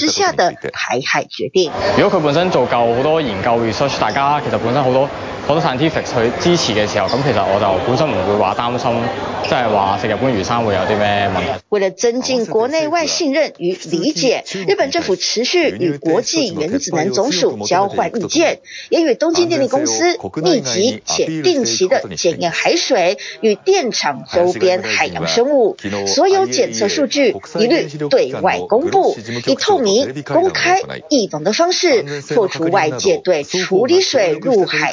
之下的排海決定。如果佢本身做夠好多研究 research，大家其實本身好多。好多 scientific 去支持嘅時候，咁其實我就本身唔會話擔心，即係話食日本魚生會有啲咩問題。為了增進國內外信任與理解，日本政府持續與國際原子能總署交換意見，也與東京電力公司密集且定期的檢驗海水與電廠周邊海洋生物，所有檢測數據一律對外公布，以透明、公開、易懂的方式，破除外界對處理水入海。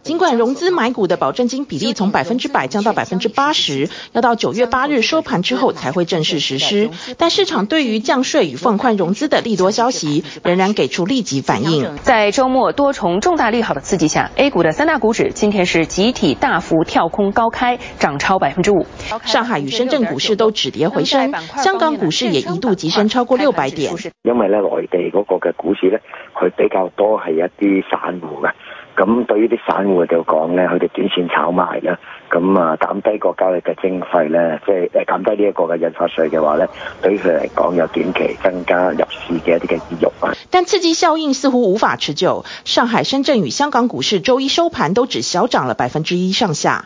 盡管融資買股的保證金比例從百分之百降到百分之八十，要到九月八日收盤之後才會正式實施，但市場對於降稅與放寬融資的利多消息仍然給出立即反應。在周末多重重大利好的刺激下，A 股的三大股指今天是集體大幅跳空高開，漲超百分之五。上海與深圳股市都止跌回升，香港股市也一度急升超過六百點。因為呢，內地嗰個嘅股市呢，佢比較多係一啲散戶嘅。咁對於啲散戶嚟講咧，佢哋短線炒賣啦，咁啊減低個交易嘅徵費咧，即係誒減低呢一個嘅印花稅嘅話咧，對於佢嚟講有短期增加入市嘅一啲嘅意欲。啊。但刺激效應似乎無法持久，上海、深圳與香港股市週一收盤都只小漲了百分之一上下。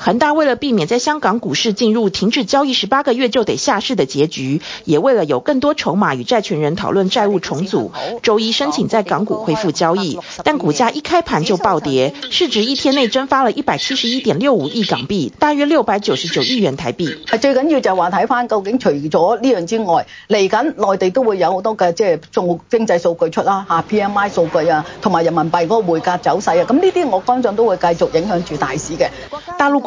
恒大為了避免在香港股市進入停止交易十八個月就得下市的結局，也為了有更多籌碼與債權人討論債務重組，周一申請在港股恢復交易，但股價一開盤就暴跌，市值一天內蒸發了一百七十一點六五億港幣，大約六百九十九億元台幣。最緊要就話睇翻，究竟除咗呢樣之外，嚟緊內地都會有好多嘅即係做經濟數據出啦，吓 P M I 數據啊，同埋人民幣嗰個匯價走勢啊，咁呢啲我相信都會繼續影響住大市嘅大陸。